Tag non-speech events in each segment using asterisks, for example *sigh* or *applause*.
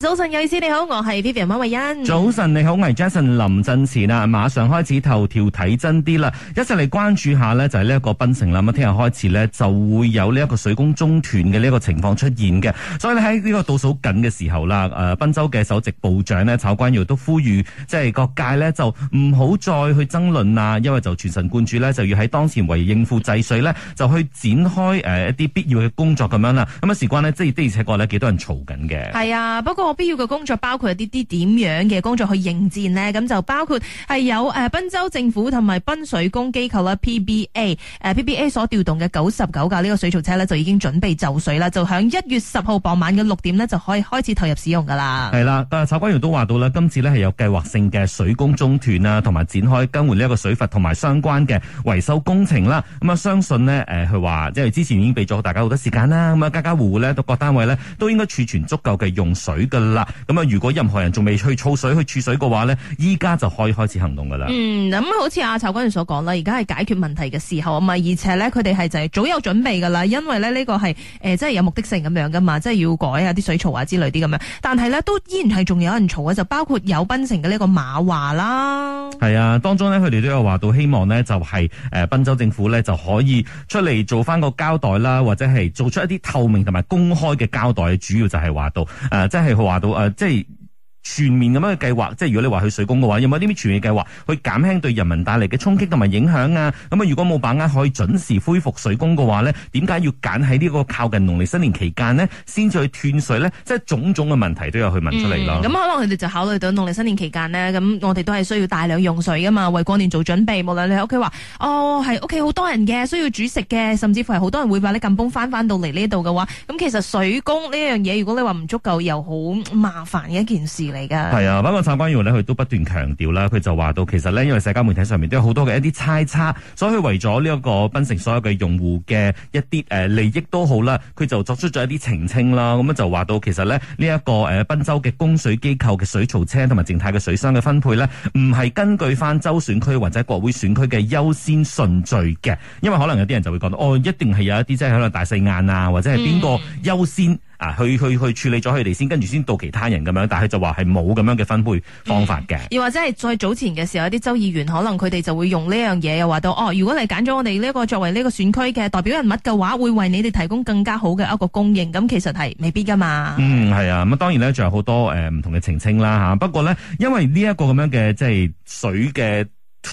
早晨，有意思你好，我係 Vivian 馬慧欣。早晨，你好，我係 Jason 林振前啊！馬上開始頭條睇真啲啦，一齊嚟關注下呢，就係呢一個檳城啦。咁聽日開始呢，就會有呢一個水供中斷嘅呢一個情況出現嘅。所以咧喺呢個倒數緊嘅時候啦，誒、呃，檳州嘅首席部長呢，曹觀友都呼籲，即係各界呢，就唔好再去爭論啦，因為就全神貫注呢，就要喺當前為應付制水呢，就去展開誒一啲必要嘅工作咁樣啦。咁啊，事關呢，即係的而且確呢，幾多人嘈緊嘅。係啊，不過。冇必要嘅工作，包括一啲啲點樣嘅工作去應戰咧。咁就包括係有誒，濱州政府同埋濱水工機構啦，P B A 誒，P B A 所調動嘅九十九架呢個水槽車咧，就已經準備就緒啦，就響一月十號傍晚嘅六點咧，就可以開始投入使用噶啦。係啦，但係炒官員都話到啦，今次咧係有計劃性嘅水工中斷啊，同埋展開更換呢一個水閥同埋相關嘅維修工程啦。咁、嗯、啊，相信咧誒，佢、呃、話即係之前已經俾咗大家好多時間啦。咁啊，家家戶戶咧，到各單位咧，都應該儲存足夠嘅用水啦，咁啊，如果任何人仲未去儲水，去儲水嘅話呢，依家，就可以開始行動噶啦。嗯，咁好似阿曹君所講啦，而家係解決問題嘅時候啊嘛，而且呢，佢哋係就係早有準備噶啦，因為呢呢個係誒，即、呃、係有目的性咁樣噶嘛，即係要改下啲水槽啊之類啲咁樣。但係呢，都依然係仲有人嘈嘅，就包括有檳城嘅呢個馬華啦。係啊，當中呢，佢哋都有話到希望呢，就係、是、誒、檳、呃、州政府呢就可以出嚟做翻個交代啦，或者係做出一啲透明同埋公開嘅交代。主要就係話到誒，即、呃、係好。話到呃，即係。全面咁樣嘅計劃，即係如果你話去水工嘅話，有冇啲咩全面計劃去減輕對人民帶嚟嘅衝擊同埋影響啊？咁啊，如果冇把握可以準時恢復水工嘅話咧，點解要揀喺呢個靠近農曆新年期間呢？先至去斷水咧？即係種種嘅問題都有去問出嚟啦。咁可能佢哋就考慮到農曆新年期間呢，咁我哋都係需要大量用水噶嘛，為過年做準備。無論你喺屋企話，哦係屋企好多人嘅，需要煮食嘅，甚至乎係好多人會把啲近崩翻翻到嚟呢度嘅話，咁其實水工呢樣嘢，如果你話唔足夠，又好麻煩嘅一件事。嚟噶，係 *music* 啊！包括陳冠華咧，佢都不斷強調啦。佢就話到，其實咧，因為社交媒體上面都有好多嘅一啲猜測，所以佢為咗呢一個檳城所有嘅用戶嘅一啲誒利益都好啦，佢就作出咗一啲澄清啦。咁樣就話到，其實咧呢一個誒檳州嘅供水機構嘅水槽車同埋靜態嘅水箱嘅分配咧，唔係根據翻州選區或者國會選區嘅優先順序嘅。因為可能有啲人就會講哦，一定係有一啲即係可能大細眼啊，或者係邊個優先、嗯。啊！去去去處理咗佢哋先，跟住先到其他人咁樣，但係就話係冇咁樣嘅分配方法嘅。又、嗯、或者係再早前嘅時候，啲州議員可能佢哋就會用呢樣嘢，又話到哦，如果你揀咗我哋呢、呢個作為呢個選區嘅代表人物嘅話，會為你哋提供更加好嘅一個供應。咁其實係未必噶嘛。嗯，係啊。咁當然咧，仲有好多誒唔同嘅澄清啦吓。不過咧，因為呢一個咁樣嘅即係水嘅。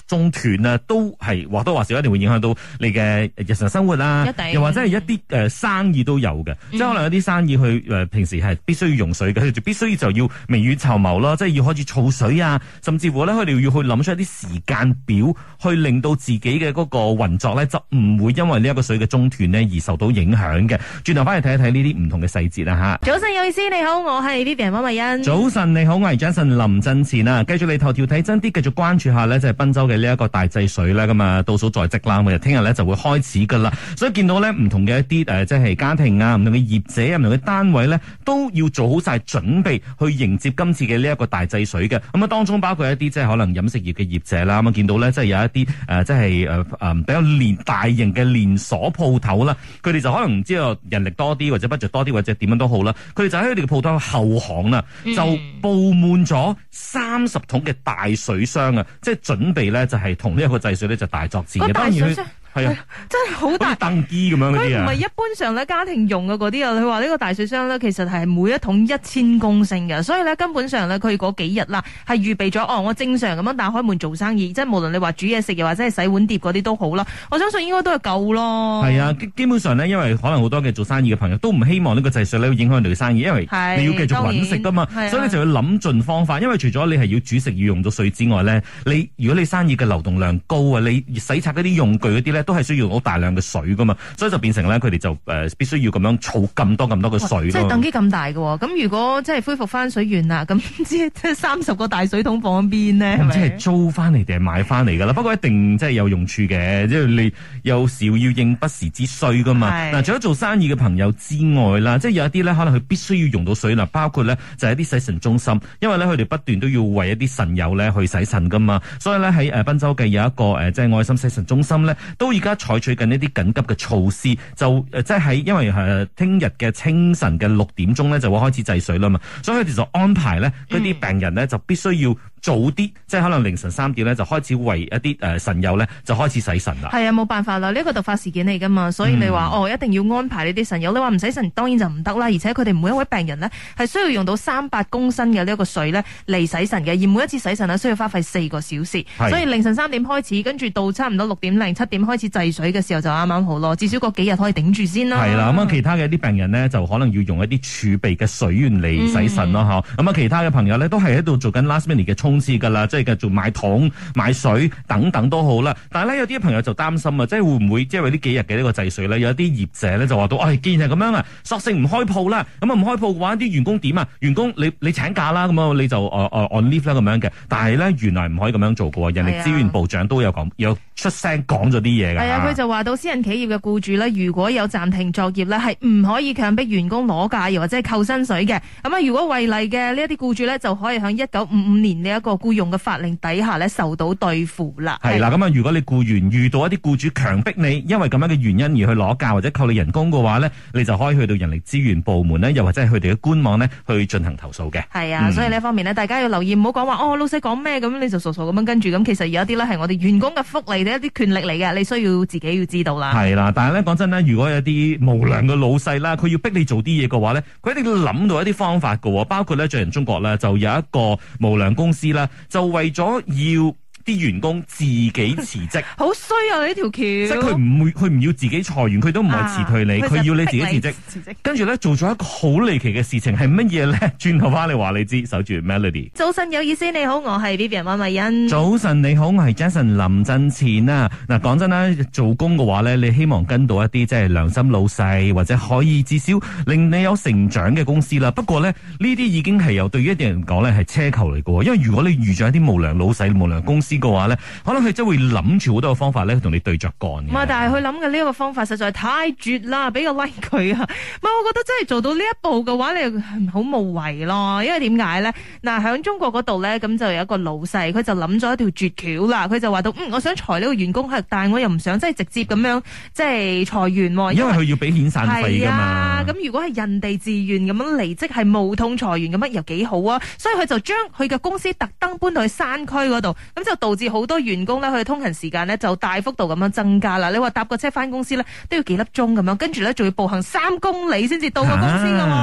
中斷啊，都係或多或少一定會影響到你嘅日常生活啦、啊。又或者係一啲誒、呃、生意都有嘅、嗯，即係可能有啲生意去，誒、呃、平時係必，必須要用水嘅，佢就必須就要未雨綢繆咯，即係要開始儲水啊，甚至乎咧佢哋要去諗出一啲時間表，去令到自己嘅嗰個運作咧就唔會因為呢一個水嘅中斷咧而受到影響嘅。轉頭翻嚟睇一睇呢啲唔同嘅細節啦、啊、嚇。早晨，有意思，你好，我係 Vivian 温慧欣。早晨你好，我係 Justin 林振前啊。繼續你頭條睇真啲，繼續關注一下呢，就係、是呢一個大制水咧咁啊，倒數在即啦，我哋聽日咧就會開始噶啦。所以見到咧唔同嘅一啲誒，即係家庭啊，唔同嘅業者啊，唔同嘅單位咧，都要做好晒準備去迎接今次嘅呢一個大制水嘅。咁啊，當中包括一啲即係可能飲食業嘅業者啦。咁啊，見到咧即係有一啲誒，即係誒誒比較連大型嘅連鎖鋪頭啦，佢哋就可能唔知道人力多啲，或者 budget 多啲，或者點樣都好啦。佢哋就喺佢哋嘅鋪頭後巷啊，就佈滿咗三十桶嘅大水箱啊、嗯，即係準備。咧就係同呢一個制水咧就大作戰嘅，那個、當然是啊，真係好大凳機咁樣嘅，唔係一般上咧家庭用嘅嗰啲啊！佢話呢個大水箱咧，其實係每一桶一千公升嘅，所以咧根本上咧佢嗰幾日啦，係預備咗哦！我正常咁樣打開門做生意，即係無論你話煮嘢食又或者係洗碗碟嗰啲都好啦。我相信應該都係夠咯。係啊，基本上咧，因為可能好多嘅做生意嘅朋友都唔希望呢個制水咧影響你哋嘅生意，因為你要繼續搵食噶嘛，所以咧就要諗盡方法。啊，因為除咗你係要煮食要用到水之外咧，你如果你生意嘅流動量高啊，你洗刷嗰啲用具嗰啲咧。都係需要好大量嘅水噶嘛，所以就變成咧，佢哋就誒、呃、必須要咁樣儲咁多咁多嘅水。即係等級咁大嘅、哦、咁、嗯、如果即係恢復翻水源啦，咁即係三十個大水桶放喺邊咧？即係租翻嚟定係買翻嚟噶啦？ *laughs* 不過一定即係有用處嘅，即係你有時要應不時之需噶嘛。嗱，除咗做生意嘅朋友之外啦，即係有一啲咧，可能佢必須要用到水啦，包括咧就係、是、一啲洗腎中心，因為咧佢哋不斷都要為一啲腎友咧去洗腎噶嘛，所以咧喺賓州嘅有一個即係愛心洗腎中心咧都。而家採取緊一啲緊急嘅措施，就誒、呃、即係喺因為誒聽日嘅清晨嘅六點鐘咧，就會開始制水啦嘛，所以佢哋就安排咧嗰啲病人咧、嗯、就必須要。早啲，即係可能凌晨三點咧就開始為一啲誒、呃、腎友咧就開始洗腎啦。係啊，冇辦法啦，呢個突發事件嚟噶嘛，所以你話、嗯、哦一定要安排呢啲腎友，你話唔洗腎當然就唔得啦。而且佢哋每一位病人呢，係需要用到三百公升嘅呢個水呢嚟洗腎嘅，而每一次洗腎呢，需要花費四個小時，所以凌晨三點開始，跟住到差唔多六點零七點開始制水嘅時候就啱啱好咯，至少嗰幾日可以頂住先啦、啊。係啦、啊，咁啊其他嘅啲病人呢，就可能要用一啲儲備嘅水源嚟洗腎咯、啊，咁、嗯、啊其他嘅朋友呢，都係喺度做緊 last minute 嘅。控制噶啦，即係繼續買桶、買水等等都好啦。但係咧，有啲朋友就擔心啊，即係會唔會即係為呢幾日嘅呢個制水咧？有一啲業者咧就話到，哎，既然係咁樣啊，索性唔開鋪啦。咁啊，唔開鋪嘅話，啲員工點啊？員工你你請假啦，咁啊，你就誒誒 on leave 啦，咁、uh, uh, 樣嘅。但係咧，原來唔可以咁樣做嘅。人力資源部長都有講、啊，有出聲講咗啲嘢嘅。係啊，佢就話到，私人企業嘅雇主咧，如果有暫停作業咧，係唔可以強迫員工攞假，又或者係扣薪水嘅。咁啊，如果違例嘅呢一啲雇主咧，就可以響一九五五年呢。一個僱傭嘅法令底下咧，受到對付啦。係啦，咁啊，如果你僱員遇到一啲僱主強迫你，因為咁樣嘅原因而去攞價或者扣你人工嘅話咧，你就可以去到人力資源部門咧，又或者係佢哋嘅官網咧去進行投訴嘅。係啊、嗯，所以呢一方面咧，大家要留意，唔好講話哦，老細講咩咁，你就傻傻咁樣跟住。咁其實有一啲咧係我哋員工嘅福利，一啲權利嚟嘅，你需要自己要知道啦。係啦，但係咧講真咧，如果有啲無良嘅老細啦，佢要逼你做啲嘢嘅話咧，佢一定要諗到一啲方法㗎，包括咧最近中國咧就有一個無良公司。啦，就為咗要啲員工自己辭職，好 *laughs* 衰啊！呢條橋，即係佢唔會，佢唔要自己裁員，佢都唔係辭退你，佢、啊、要你自己辭職。跟住咧做咗一個好離奇嘅事情係乜嘢咧？轉頭翻嚟話你知，守住 Melody。早晨有意思，你好，我係 Vivian 麥咪欣。早晨你好，我係 Jason 林振前啊！嗱，講真啦，做工嘅話咧，你希望跟到一啲即係良心老細或者可以至少令你有成長嘅公司啦。不過咧，呢啲已經係由對於一啲人講咧係奢求嚟嘅，因為如果你遇咗一啲無良老細、無良公司，話咧，可能佢真會諗住好多嘅方法咧，同你對着幹，唔係，但係佢諗嘅呢個方法實在太絕啦，俾個 like 佢啊！唔係，我覺得真係做到呢一步嘅話，你好無謂咯。因為點解咧？嗱，響中國嗰度咧，咁就有一個老細，佢就諗咗一條絕橋啦。佢就話到，嗯，我想裁呢個員工，但係我又唔想即係直接咁樣即係裁員，因為佢要俾遣散費噶嘛。咁如果係人地自願咁樣離職，係冇痛裁員，咁樣、啊、又幾好啊。所以佢就將佢嘅公司特登搬到去山區嗰度，咁就導致好多員工咧，佢通勤時間咧就大幅度咁樣增加啦。你話搭個車翻公司咧都要幾粒鐘咁樣，跟住咧仲要步行三公里先至到個公司噶、啊、嘛、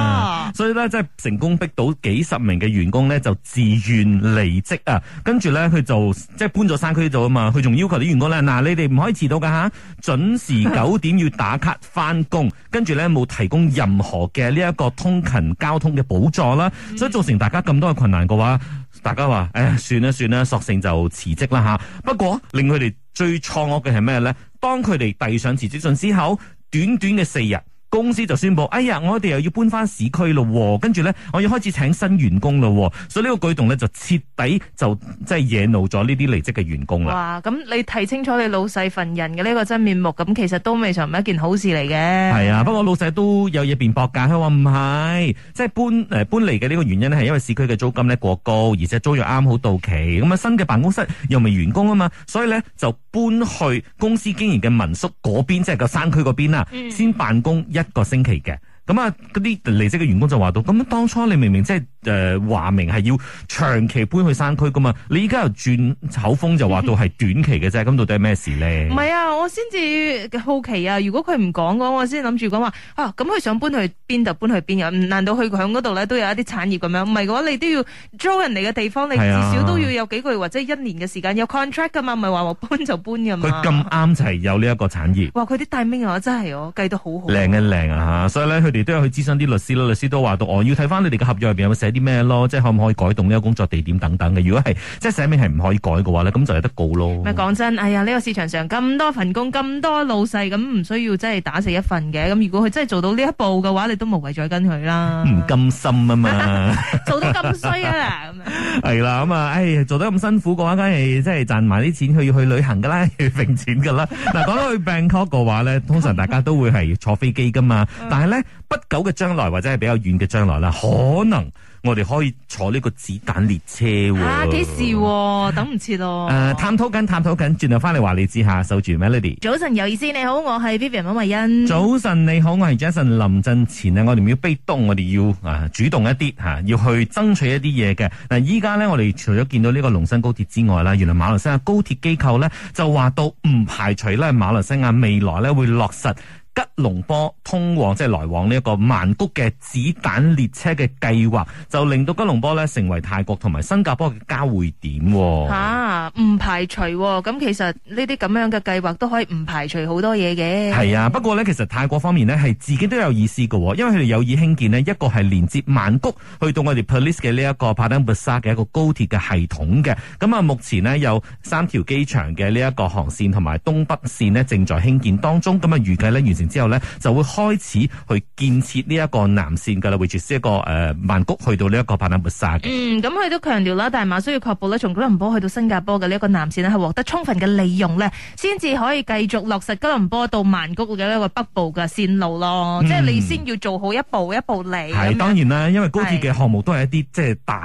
啊。所以咧，即係成功逼到幾十名嘅員工咧就自願離職啊。跟住咧佢就即係搬咗山區度啊嘛。佢仲要求啲員工咧，嗱，你哋唔可以遲到噶吓，準時九點要打卡翻工。 *laughs* 跟住咧冇提供任何嘅呢一個通勤交通嘅補助啦，所以造成大家咁多嘅困難嘅話。大家話，唉，算啦算啦，索性就辭職啦吓。不過令佢哋最錯愕嘅係咩咧？當佢哋遞上辭職信之後，短短嘅四日。公司就宣布，哎呀，我哋又要搬翻市區咯，跟住咧，我要開始請新員工咯，所以呢個舉動咧就徹底就即係惹怒咗呢啲離職嘅員工啦。哇！咁你睇清楚你老細份人嘅呢個真面目，咁其實都未嘗唔係一件好事嚟嘅。係啊，不過老細都有嘢辯駁架，佢話唔係，即係搬、呃、搬嚟嘅呢個原因咧，係因為市區嘅租金咧過高，而且租約啱好到期，咁啊新嘅辦公室又未完工啊嘛，所以咧就搬去公司經營嘅民宿嗰邊，即係個山區嗰邊啊，先辦公一一個星期嘅，咁啊，嗰啲離職嘅員工就話到，咁當初你明明即係。誒、呃、話明係要長期搬去山區噶嘛？你依家又轉口風就話到係短期嘅啫，咁 *laughs* 到底係咩事咧？唔係啊，我先至好奇啊！如果佢唔講嘅話，我先諗住講話啊，咁佢想搬去邊就搬去邊啊！唔難道佢響嗰度咧都有一啲產業咁樣？唔係嘅話，你都要租人哋嘅地方，你至少都要有幾個月或者一年嘅時間、啊、有 contract 噶嘛？唔係話話搬就搬嘅嘛。佢咁啱就係有呢一個產業。哇！佢啲大名啊，真係我計得好好。靚嘅靚啊！所以咧佢哋都有去諮詢啲律師啦，律師都話到我要睇翻你哋嘅合約入邊有冇寫。啲咩咯？即係可唔可以改動呢個工作地點等等嘅？如果係即係寫名係唔可以改嘅話咧，咁就有得告咯。咪講真，哎呀，呢個市場上咁多份工，咁多老細，咁唔需要真係打死一份嘅。咁如果佢真係做到呢一步嘅話，你都無謂再跟佢啦。唔甘心啊嘛， *laughs* 做得咁衰啊，咁樣係啦。咁啊，哎呀，做得咁辛苦嘅話，梗係即係賺埋啲錢去要去旅行噶啦，去揈錢噶啦。嗱，講到去 Bangkok 嘅話咧，通常大家都會係坐飛機噶嘛， *laughs* 但係咧。不久嘅將來或者係比較遠嘅將來啦，嗯，可能我哋可以坐呢個子彈列車喎，哦。啊，幾時？啊？等唔切咯。誒，呃，探討緊，探討緊，轉頭翻嚟話你知下，守住 Melody。早晨有意思，你好，我係 Vivian 溫慧欣。早晨你好，我係 Jason 林振前啊，我哋唔要被動，我哋要啊主動一啲吓，啊，要去爭取一啲嘢嘅。嗱，啊，依家咧，我哋除咗見到呢個隆新高鐵之外啦，原來馬來西亞高鐵機構咧就話到唔排除咧，馬來西亞未來咧會落實吉隆坡通往即係來往呢一個曼谷嘅子彈列車嘅計劃，就令到吉隆坡咧成為泰國同埋新加坡嘅交匯點。吓嗯。排除咁、哦，其實呢啲咁樣嘅計劃都可以唔排除好多嘢嘅。係啊，不過呢，其實泰國方面呢，係自己都有意思嘅、哦，因為佢哋有意興建呢一個係連接曼谷去到我哋 Perlis 嘅呢一個帕登布沙嘅一個高鐵嘅系統嘅。咁啊，目前呢，有三條機場嘅呢一個航線同埋東北線呢，正在興建當中。咁啊，預計呢，完成之後呢，就會開始去建設呢一個南線嘅啦，會接一個誒、呃、曼谷去到呢一個帕登布沙嘅。嗯，咁佢都強調啦，但係大馬需要確保呢，從吉隆坡去到新加坡嘅呢一個。南線咧係獲得充分嘅利用咧，先至可以繼續落實吉隆坡到曼谷嘅呢個北部嘅線路咯。嗯、即係你先要做好一步一步嚟。係當然啦，因為高鐵嘅項目都係一啲即係大。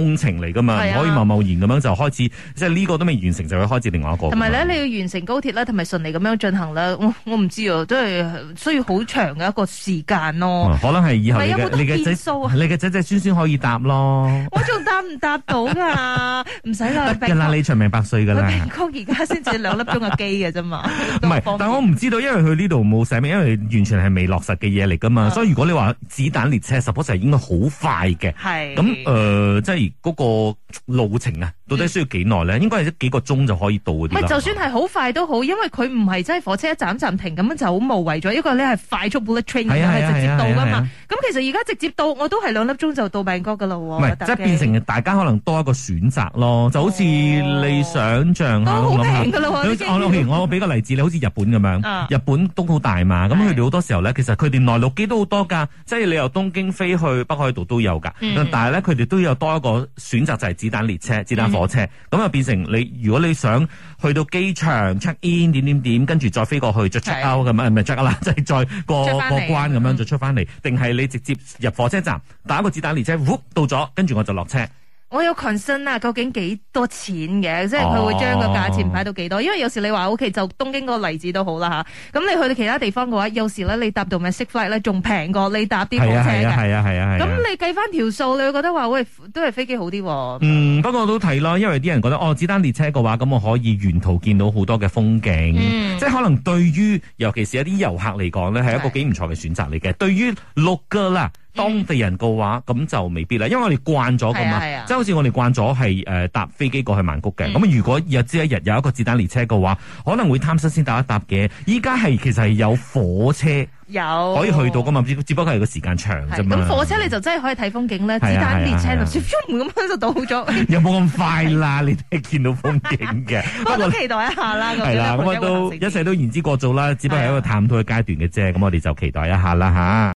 工程嚟噶嘛，啊、唔可以貿貿然咁樣就開始，即係呢個都未完成，就會開始另外一個。同埋咧，你要完成高鐵咧，同埋順利咁樣進行啦。我我唔知啊，都係需要好長嘅一個時間咯、嗯。可能係以後嘅、啊。你嘅仔孫孫可以搭咯。嗯、我仲搭唔搭到噶？唔使啦。啦，你長命百歲噶啦。我現在才而家先至兩粒鐘嘅機嘅啫嘛。唔 *laughs* 係，但我唔知道，因為佢呢度冇寫明，因為完全係未落實嘅嘢嚟噶嘛、嗯。所以如果你話子彈列車 suppose 係應該好快嘅。係。咁誒、呃，即係。嗰、那個路程啊！到底需要幾耐咧？應該係幾個鐘就可以到噶。唔係就算係好快都好，因為佢唔係真係火車一站站停咁樣，就好無謂咗。一個你係快速 bullet train，係、啊、直接到噶嘛？咁、啊啊啊、其實而家直接到，我都係兩粒鐘就到曼谷噶啦。唔係，即係變成大家可能多一個選擇咯，就好似、哦、你想象下，我諗下，我諗、啊，我俾個例子你好似日本咁樣，日本都好大嘛。咁佢哋好多時候咧，其實佢哋內陸機都好多噶，即係你由東京飛去北海道都有噶、嗯。但係咧，佢哋都有多一個選擇，就係、係、子彈列車、子、嗯、彈。火車咁啊，就變成你如果你想去到機場、mm -hmm. check in 點點點，跟住再飛過去再 check out 咁啊，咪 check out 啦，即係再過過關咁樣、嗯、再出翻嚟，定係你直接入火車站打個子彈列車，嗚、mm -hmm. 到咗，跟住我就落車。我有 concern 啊，究竟幾多錢嘅？即係佢會將個價錢擺到幾多？Oh. 因為有時候你話 O K，就東京個例子都好啦吓。咁、啊、你去到其他地方嘅話，有時咧你搭到咩？separate 咧仲平過你搭啲火車嘅。係啊係啊係啊係咁、啊啊、你計翻條數，你會覺得話喂，都係飛機好啲。嗯，不過都睇咯，因為啲人覺得哦，子彈列車嘅話，咁我可以沿途見到好多嘅風景。嗯、即係可能對於尤其是一啲遊客嚟講咧，係一個幾唔錯嘅選擇嚟嘅。對於六個啦。嗯、當地人嘅話，咁就未必啦，因為我哋慣咗噶嘛，即係好似我哋慣咗係誒搭飛機過去曼谷嘅。咁、嗯、如果日之一日有一個子彈列車嘅話，可能會貪新鮮搭一搭嘅。依家係其實係有火車有可以去到噶嘛，只不過係個時間長啫。咁火車你就真係可以睇風景咧、啊，子彈列車就出門咁樣就到咗。哎、 *laughs* 有冇咁快啦？、啊， *laughs* 你都係見到風景嘅。 *laughs* 不過 *laughs* 不過 *laughs* 我都期待一下啦，咁我都、 *laughs* 啊、一切都言之過早啦，只不過係一個探討嘅階段嘅啫。咁、啊、我哋就期待一下啦、 *laughs* 嗯